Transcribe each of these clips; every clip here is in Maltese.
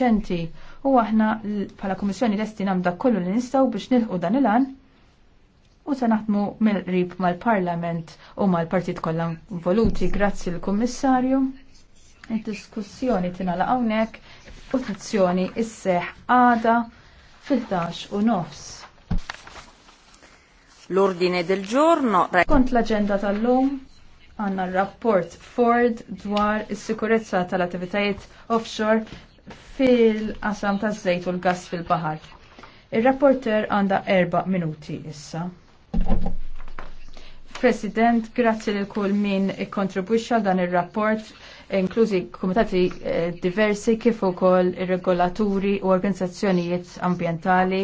effiċenti u aħna bħala Kummissjoni lesti namda kollu li nistgħu biex nilħu dan il-għan u se naħdmu mill-qrib mal-Parlament u mal-partit kollha involuti grazzi l-Kummissarju. Id-diskussjoni tingħalaq hawnhekk u tazzjoni isseħ għada fil u nofs. L-ordine del giorno. Kont l-agenda tal-lum għanna rapport Ford dwar is-sikurezza tal-attivitajiet offshore fil-qasam ta' żejt u l-gas fil-bahar. Il-rapporter għanda erba minuti issa. President, grazzi li kull min kontribuċa dan il-rapport, inklużi komitati eh, diversi kif ukoll ir-regolaturi u organizzazzjonijiet ambientali.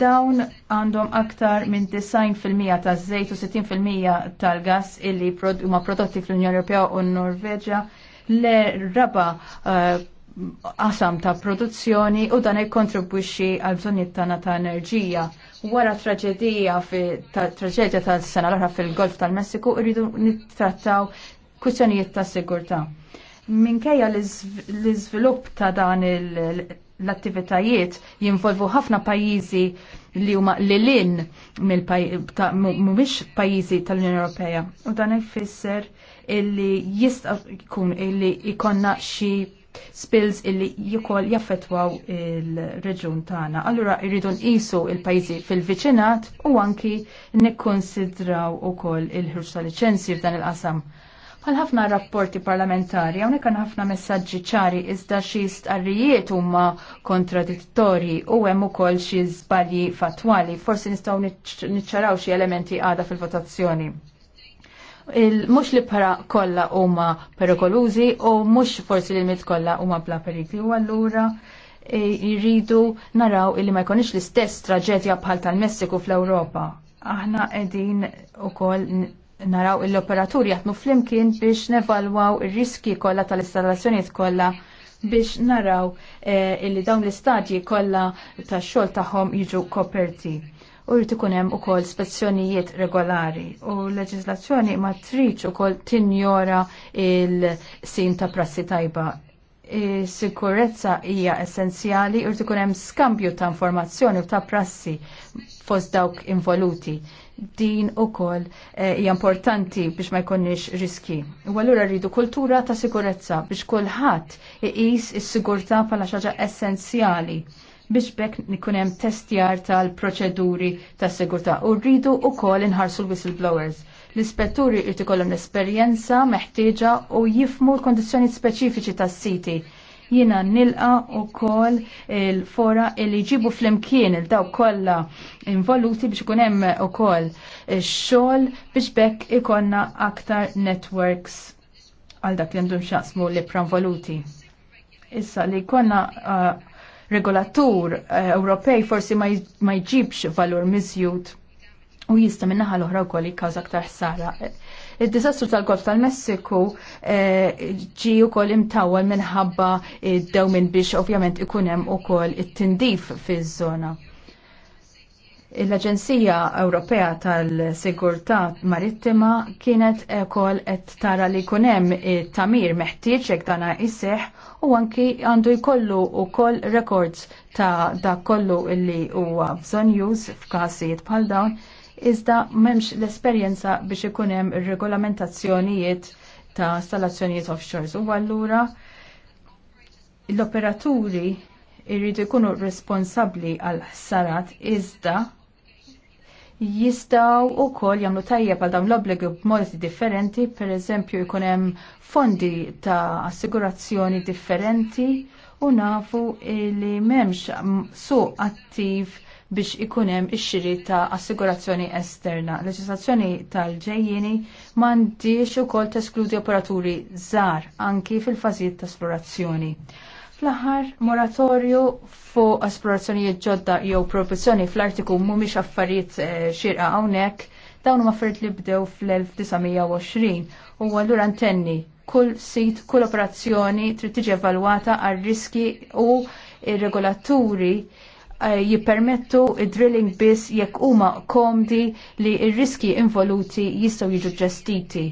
Dawn għandhom aktar minn 90% ta' żejt u 60% tal-gas illi huma prodotti fl-Unjoni Ewropea u n Norveġa le raba uh, qasam ta' produzzjoni u dan jikkontribwixxi għal bżonnijiet tagħna ta' enerġija. Wara traġedija ta' traġedja ta' sena l-oħra fil-Golf tal-Messiku rridu nittrattaw kwistjonijiet ta' sigurtà. Minkejja l-iżvilupp ta' dan l-attivitajiet jinvolvu ħafna pajjiżi li huma lilin mhumiex pajjiżi tal-Unjoni Ewropea. U dan jfisser illi jista' jkun illi jkollna xi spills illi jkoll jaffetwaw il-reġun tagħna. Allura irridu nqisu il-pajjiżi fil-viċinat u anki nikkonsidraw ukoll il-ħruġ ta' liċenzji f'dan il-qasam. Bħal ħafna rapporti parlamentari, hawnhekk għandna ħafna messaġġi ċari iżda xi stqarrijiet huma kontradittorji u hemm ukoll xi żbalji fatwali, forsi nistgħu niċċaraw xi elementi għada fil-votazzjoni mux li para kolla huma perikolużi u mux forsi li mit kolla huma bla perikli u allura e, jiridu naraw illi ma jkunix l-istess traġedja bħal tal-Messiku fl-Ewropa. Aħna edin u koll naraw il-operaturi jaħdmu flimkien biex nevalwaw ir-riski kollha tal-installazzjonijiet kollha biex naraw e, illi dawn l-istadji kollha tax-xogħol tagħhom jiġu koperti u jrid ikun hemm ukoll spezzjonijiet regolari u l-leġiżlazzjoni ma trid ukoll tinjora il-sin ta' prassi tajba. Sikurezza hija essenzjali u jrid ikun hemm skambju ta' informazzjoni u ta' prassi fost dawk involuti. Din ukoll eh, hija importanti biex ma jkunniex riski. U allura rridu kultura ta' sikurezza biex kulħadd iqis is-sigurtà bħala xi ħaġa essenzjali biex bekk nikun hemm testjar tal-proċeduri tas-sigurtà u rridu wkoll inħarsu l-whistleblowers. L-ispetturi jrid ikollhom esperjenza meħtieġa u jifmu l kondizjoni speċifiċi tas-siti jina nilqa u kol il-fora li ġibu fl-imkien il-daw kolla involuti biex kunem u kol xol biex bekk ikonna aktar networks għal dak li mdum xaqsmu li pranvoluti. Issa li konna uh, regolatur eh, Ewropej forsi ma jġibx valur miżjud u jista minnaħa l-oħra wkoll jikkawża aktar ħsara. Id-disastru tal-Golf tal-Messiku eh, ġi u koll imtawal minħabba id minn biex ovvjament ikunem u koll it-tindif fiż-żona. L-Aġenzija Ewropea tal-Sigurtà Marittima kienet ukoll qed tara li jkun hemm tamir meħtieġ hekk dana jseħħ u anki għandu jkollu wkoll records ta' dak kollu illi huwa bżonn już f'każijiet bħal dawn iżda m'hemmx l-esperjenza biex ikun hemm regolamentazzjonijiet ta' installazzjonijiet offshores u allura l-operaturi irridu jkunu responsabbli għal ħsarat iżda jistaw u kol jamlu tajjeb għal dawn l-obligi b'modi differenti, per eżempju jkunem fondi ta' assigurazzjoni differenti u nafu li memx su attiv biex ikunem ix-xiri ta' assigurazzjoni esterna. Leġislazzjoni tal-ġejjini mandiex u kol teskludi operaturi zar anki fil-fazijiet ta' esplorazzjoni. Fl-aħħar moratorju fuq esplorazzjonijiet ġodda jew professjoni fl-artiku mhumiex affarijiet eh, xirqa hawnhekk dawn huma affarijiet li bdew fl-1920 u allura ntenni kull sit, kull operazzjoni trid tiġi evalwata għal riski u ir-regolaturi eh, jippermettu id-drilling biss jekk huma komdi li r riski involuti jistgħu jiġu ġestiti.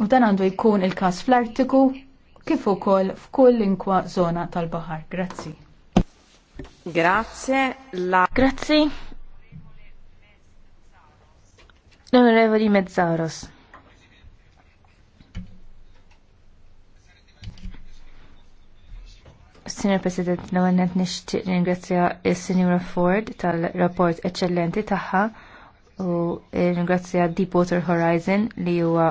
U dan għandu jkun il-każ fl-artiku kif ukoll f'kull inkwa zona tal-baħar. Grazzi. Grazie. La... Grazzi. Lonorevoli onorevoli Mezzaros. Signor President, l-għannet nishtiq ringrazzja il signora Ford tal-rapport eccellenti taħħa u ringrazzja Deepwater Horizon li huwa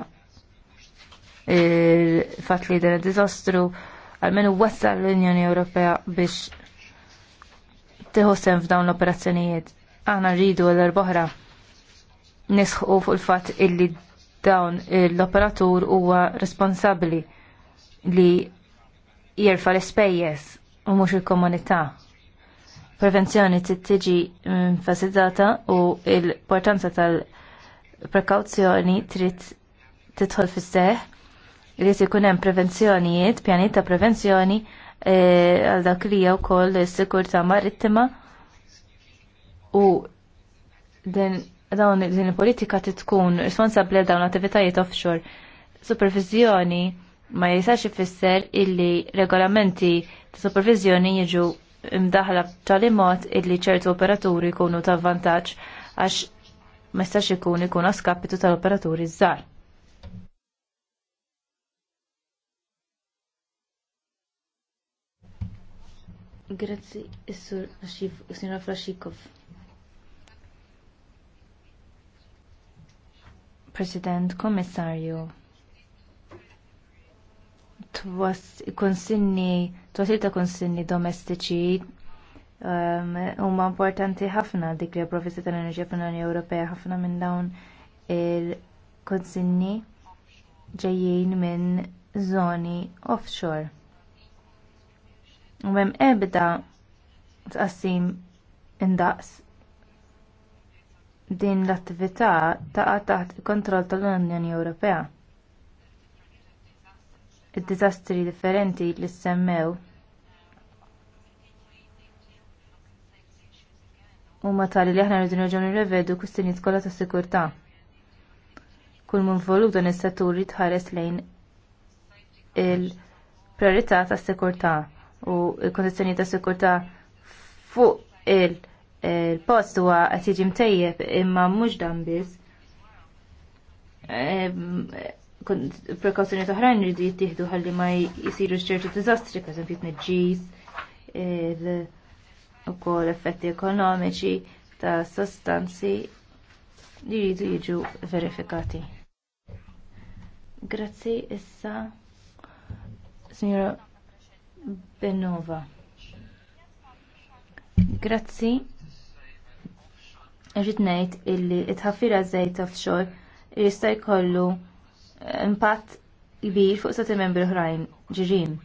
il-fat li dera dizastru għalmenu wassa l-Unjoni Ewropea biex tiħossem f'dawn l-operazzjonijiet. Aħna rridu l erbohra nisħu fuq il-fat illi dawn l-operatur huwa responsabli li jirfa l-espejjes u mhux il-komunità. Prevenzjoni tiġi enfasizzata u l-importanza tal-prekawzjoni trid titħol fis-seħħ Irrid ikun hemm prevenzjonijiet, pjanijiet ta' prevenzjoni e, għal dak li hija wkoll is-sikurtà marittima u din dawn din il-politika titkun responsabbli dawn attivitajiet offshore. Supervizjoni ma jisax ifisser illi regolamenti ta' supervizjoni jiġu imdaħla b'tali mod illi ċertu operaturi jkunu ta' vantaġġ għax ma jistax ikun ikun skapitu tal-operaturi żgħar. Grazzi, Issur Naxif, Sinra Flashikov. President, Commissario, twas konsinni, twasil ta' konsinni domestiċi um, huma um, importanti ħafna dik li approvvista tal-enerġija fl-Unjoni Ewropea ħafna minn dawn il-konsinni ġejjin minn zoni offshore u hemm ebda tqassim indaqs din l-attività taqa' taħt il-kontroll tal-Unjoni Ewropea. Id-diżastri differenti li semmew huma tali li aħna rridu nerġgħu nirrevedu kwistjonijiet kollha tas-sikurtà. Kull minn involut dan is-settur jitħares lejn il-priorità tas-sikurtà u l kondizjoni ta' sikurtà fuq il-post huwa qed jiġi mtejjeb imma mhux dan biss. Prekawzjoni oħrajn jridu jittieħdu ħalli ma jisiru xċertu diżastri, pereżempju tniġġis ukoll effetti ekonomiċi ta' sostanzi li jridu jiġu verifikati. Grazzi issa, signora Benova. Grazzi. Irrid ngħid illi t zejt żejt offshore jista' jkollu eh, impatt kbir fuq Sati membri oħrajn ġirien.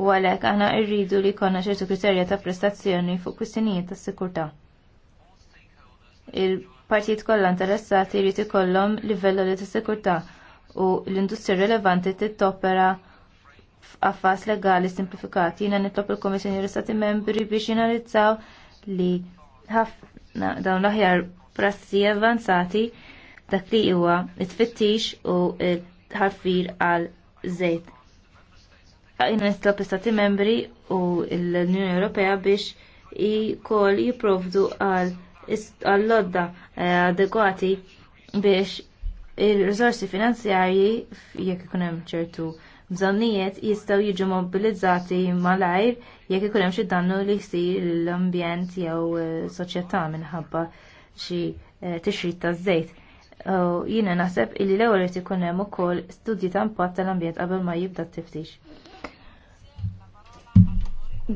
U għalhekk aħna rridu li jkollna ċertu kriterja ta' prestazzjoni fuq kwistjonijiet tas-sikurtà. Il-partijiet kollha interessati jrid ikollhom livell li ta' sikurtà u l-industrija rilevanti tittopera opera f'affas legali simplifikati. Jiena nitlob il-Komissjoni l-Istati Membri biex jinalizzaw li ħafna dawn l-aħjar prassi avanzati dak li huwa it-fittix u l-ħarfir għal żejt. Jiena nitlob l-Istati Membri u l-Unjoni Ewropea biex jkoll jipprovdu għal għall-lodda eh, adegwati biex il-rizorsi finanzjarji jekk ikun hemm ċertu bżonnijiet jistgħu jiġu mobilizzati malajr jekk ikun hemm xi dannu li jsir l-ambjent jew eh, soċjetà minħabba xi eh, tixrid taż-żejt. Jiena naħseb illi l-ewwel irid ikun hemm ukoll studji ta' impatt tal-ambjent qabel ma jibda t-tiftix.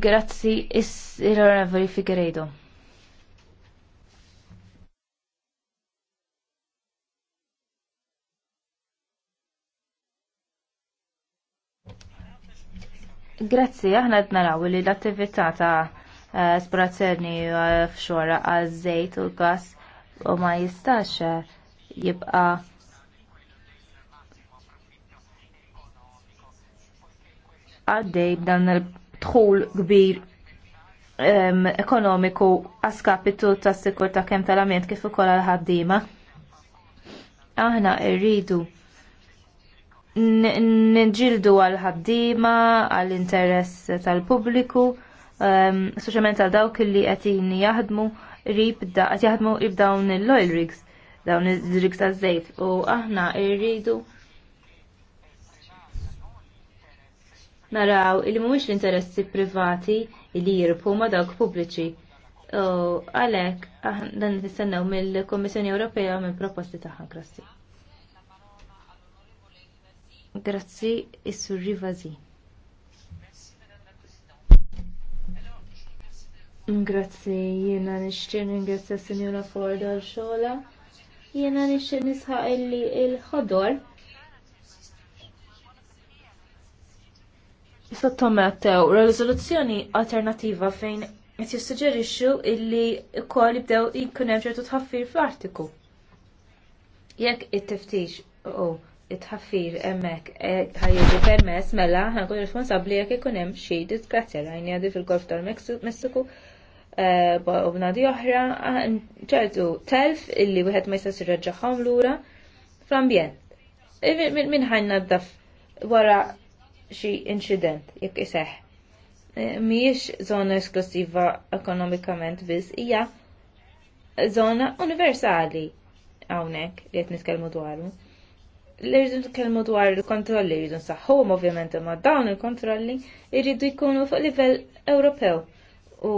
Grazzi, is-Irora Verifikerejdu. Grazzi, aħna għedna naraw li l-attività ta' esplorazzjoni uh, f'xora għal żejt u l-gas u ma jistax uh, jibqa' għaddej dan il-dħul kbir um, ekonomiku għaskapitu tas ta' kemm tal-ambjent kif ukoll għal ħaddima Aħna rridu nġildu għal ħaddima għal interess tal-pubbliku, soċjament għal dawk li qed jaħdmu rib għat jaħdmu rib dawn il-oil rigs, dawn il-rigs taż-żejt u aħna irridu. naraw li mhuwiex l-interessi privati li jirpu ma dawk pubbliċi. Għalhekk dan nistennew mill-Kommissjoni Ewropea mill proposti tagħha, grassi. Grazzi, Issur Rivazi. Grazzi, jiena nixtieq ningrazzja Sinjura Ford għal xola. Jiena nixtieq nisħaq illi il ħodor Sottomettew riżoluzzjoni alternattiva fejn qed jissuġġerixxu illi wkoll jibdew jkun hemm ċertu tħaffir fl-artiku. Jekk it-teftix, oh it-ħaffir hemmhekk e, ħajjiġi permess mela ħankun responsabbli jekk ikun hemm xi disgrazzja rajni għadi fil-Golf tal-Messiku e, u bnadi oħra ċertu telf illi wieħed ma jistax irreġġaħħom lura fl-ambjent. E, min ħajna d-daf wara xi incident jekk iseħħ mhijiex żona esklusiva ekonomikament biss, hija żona universali hawnhekk li qed nitkellmu dwaru li rridu nitkellmu dwar il-kontrolli rridu nsaħħuhom ovvjament imma dawn il-kontrolli jridu jkunu fuq livell Ewropew u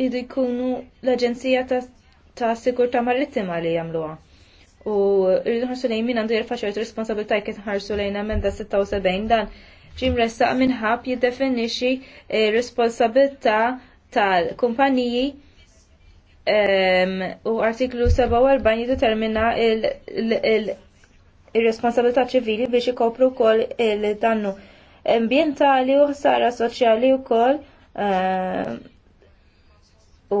jridu jkunu l-Aġenzija ta' Sigurtà Marittima li jagħmluha. U rridu nħarsu lejn min għandu jerfa' ċertu responsabilità jekk nħarsu lejn emenda 76 dan ġim ressaq minħab jiddefinixxi eh, responsabilità tal-kumpaniji ehm, u artiklu 47 jiddetermina il- ir-responsabilità ċivili biex ikopru wkoll il-dannu ambjentali u ħsara soċjali wkoll eh, u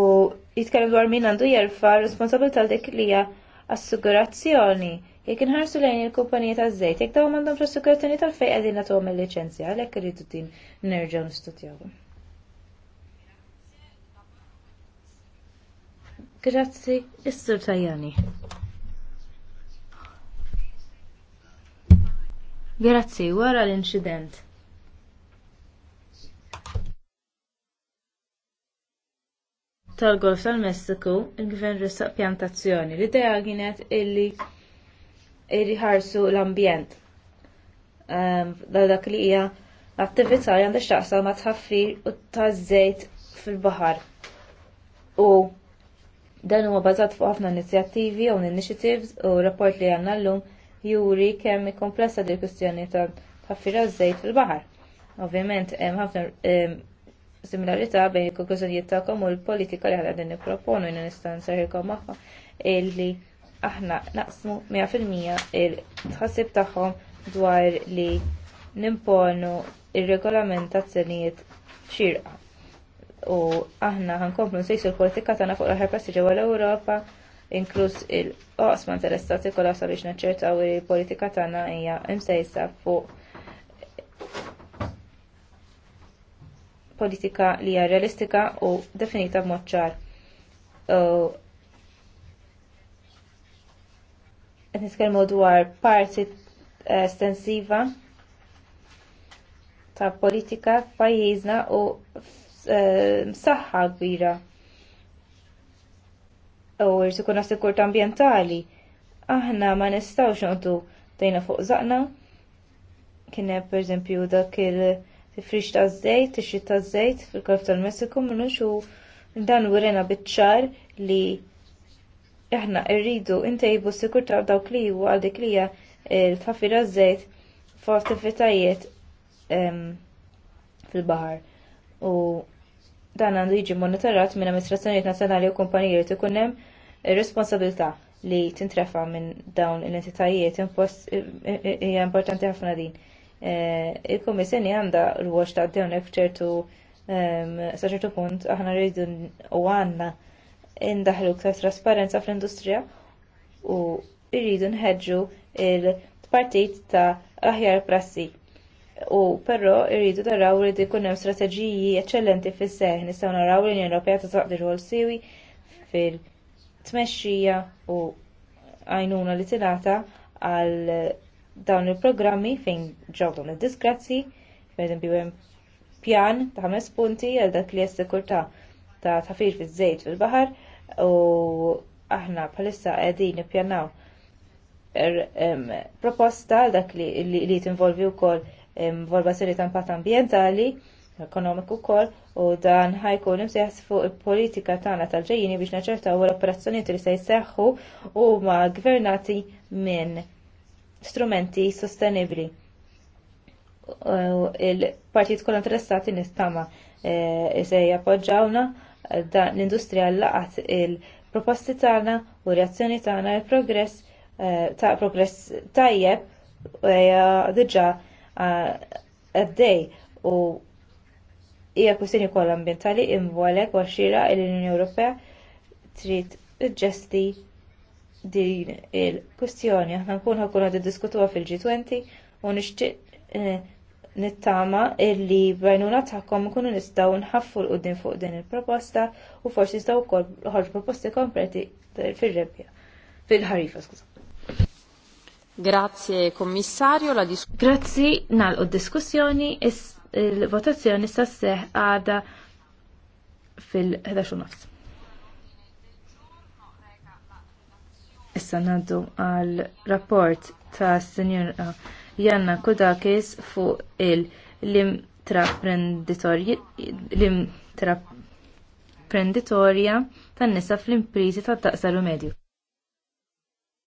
jitkellem dwar min għandu jerfa' responsabilità dik li hija assigurazzjoni. Jekk inħarsu lejn il-kumpanija taż-żejt, jekk dawn m'għandhomx assigurazzjoni tal-fejn qegħdin nagħtuhom il-liċenzja, għalhekk irridu din nerġgħu nistudjawha. Grazzi, Is-Sur Tajani. Grazzi, wara l-inċident. tal-Golf tal-Messiku, il-Gvern ressaq pjantazzjoni. L-idea kienet illi irriħarsu l-ambjent. Ehm, dal dak li hija attività li għandha x'taqsam ma' tħaffir u taż-żejt fil-baħar. U dan huwa bażat fuq ħafna inizjattivi u initiatives u rapport li għandna llum juri kemm komplessa di kwistjoni ta' ħaffira żejt fil-baħar. Ovvjament hemm ħafna similarità bejn il-konklużjonijiet tagħkom u l-politika li aħna qegħdin nipproponu jien nista' nsejħilkom magħha illi aħna naqsmu 100% il-tħassib tagħhom dwar li nimponu ir-regolamentazzjonijiet xirqa u aħna ħankomplu nsejsu l-politika tagħna fuq l-aħħar passi ġewwa l-Ewropa inkluż il-qosma interessati kollha sabiex naċċertaw li l-politika tagħna hija msejsa fuq politika li hija realistika u definita b'mod ċar. Qed nitkellmu dwar parti estensiva ta' politika f'pajjiżna u eh, saħħa kbira u jrid ikun sigurta ambjentali. Aħna ma nistgħux noqdu tajna fuq żaqna. Kien hemm pereżempju dak il-frix ta' żejt, xit ta' żejt fil-Golf tal-Messiku minux u dan wirena biċ-ċar li aħna rridu ntejbu s dawk li huwa għal dik li hija l-tafira żejt f'attivitajiet ehm, fil-baħar. U dan għandu jiġi monitorat minn amministrazzjonijiet nazzjonali u kumpaniji li ikun hemm responsabilità li tintrefa minn dawn l-entitajiet hija importanti ħafna din. Eh, Il-Kummissjoni għandha rwol ta' hawnhekk ċertu sa ċertu punt aħna rridu u għandna indaħlu ktar trasparenza fl-industrija u rridu nħeġġu il-partit ta' aħjar prassi U però irridu naraw li jkun hemm strateġiji eċċellenti fis-seħ nistgħu naraw li l-Unjoni Ewropea taqdir ħol siwi fil-tmexxija u għajnuna li tingħata għal dawn il-programmi fejn ġew id-disgrazzi, fejn hemm pjan ta' ħames punti għal dak li s-sekurtà ta' tafir fiż-żejt fil-baħar u aħna bħalissa qegħdin nippjanaw er, proposta dak li tinvolvi wkoll valvazzjoni ta' impatt ambjentali, ekonomiku wkoll, u dan ħajkun imsejħas fuq il-politika tagħna tal-ġejjini biex naċertaw l-operazzjonijiet li se jseħħu huma gvernati minn strumenti sostenibbli. Il-partijiet kollha interessati nistama e, se jappoġġawna l-industrija laqat il-proposti tagħna u reazzjoni tagħna il-progress e, ta' progress tajjeb diġà għaddej u hija kwistjoni wkoll ambjentali imwalek u għaxira l-Unjoni Ewropea trid iġġesti din il-kwistjoni. Aħna nkunu ħakun għad diskutuha fil-G20 u nixtieq eh, nittama illi bajnuna tagħkom ikunu nistgħu nħaffu l-qudiem fuq din il-proposta u forsi jistgħu wkoll ħarġ proposti kompleti fir-rebja fil-ħarifa, skuża. Grazie Commissario. La dis- Grazzi nalqu diskussjoni il-votazzjoni sta se ad fil-11 nofs. Issa naddu għal rapport ta' Senjor Janna Kodakis fuq il-limtraprenditorja tan-nisa fl-imprizi ta' taqsar u medju.